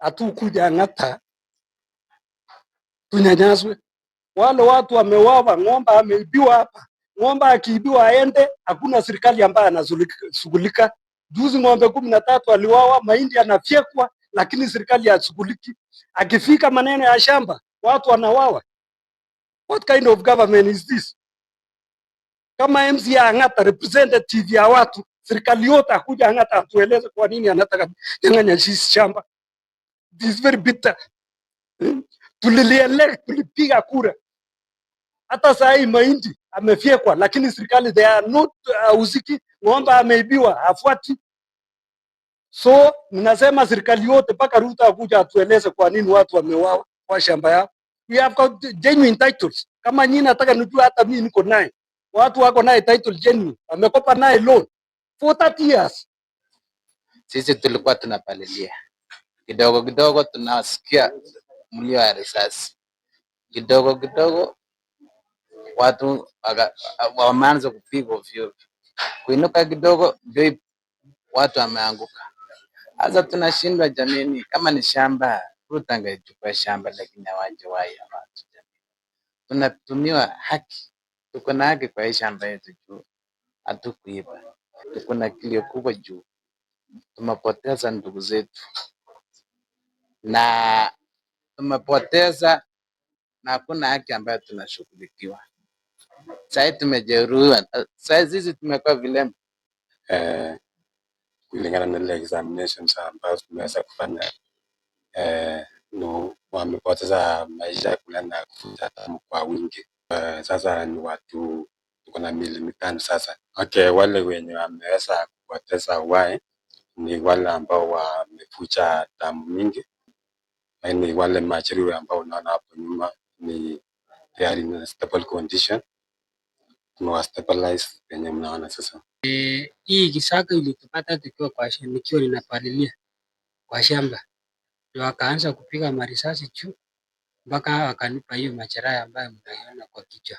hatukuja ng'ata tunyanyaswe. Wale watu wamewawa, ng'ombe ameibiwa hapa. Ng'ombe akiibiwa aende, hakuna serikali ambayo anashughulika. Juzi ng'ombe kumi na tatu aliwawa, mahindi anafyekwa, lakini serikali hashughuliki. Akifika maneno ya shamba, watu wanawawa. What kind of government is this? Kama MC ya Ang'ata representative ya watu, serikali yote akuja Ang'ata atueleze kwa nini anataka nyang'anya sisi shamba. This very bitter. Tulilielea, tulipiga kura. Hata saa hii mahindi amefyekwa, lakini serikali they are not uh, hauziki. Uh, ng'ombe ameibiwa, hafuati. So ninasema serikali yote mpaka Ruto akuja atueleze kwa nini watu wameuawa kwa shamba yao. We have got genuine titles. Kama nyinyi nataka nijue, hata mimi niko naye. Watu wako naye title genuine. Amekopa naye loan for 30 years. Sisi tulikuwa tunapalilia Kidogo kidogo tunasikia mlio ya risasi, kidogo kidogo watu wameanza kupigwa ovyo, kuinuka kidogo ndio watu wameanguka. Sasa tunashindwa jamini kama ni shamba Rutanga ichukua shamba, lakini hawajawahi watu. Tunatumiwa haki, tuko na haki kwa hii shamba yetu juu hatukuiba. Tuko na kilio kubwa juu tumepoteza ndugu zetu na tumepoteza na hakuna haki ambayo tunashughulikiwa. Sahii tumejeruhiwa, sahi sisi tumekuwa vilema eh, kulingana na ile examinations ambazo tumeweza kufanya eh, wamepoteza maisha kulingana na kufuta damu kwa wingi eh, sasa ni watu na miili mitano sasa. Okay, wale wenye wameweza kupoteza uhai ni wale ambao wamefucha damu nyingi Yaani wale majeruhi ambao unaona hapo nyuma ni they are in a stable condition. Tumewa stabilize yenye mnaona sasa. Eh, hii kisaka ilitupata tukiwa kwa shamba, nikiwa ninapalilia kwa shamba. Ndio akaanza kupiga marisasi juu mpaka akanipa hiyo majeraha ambayo mnaiona kwa kichwa.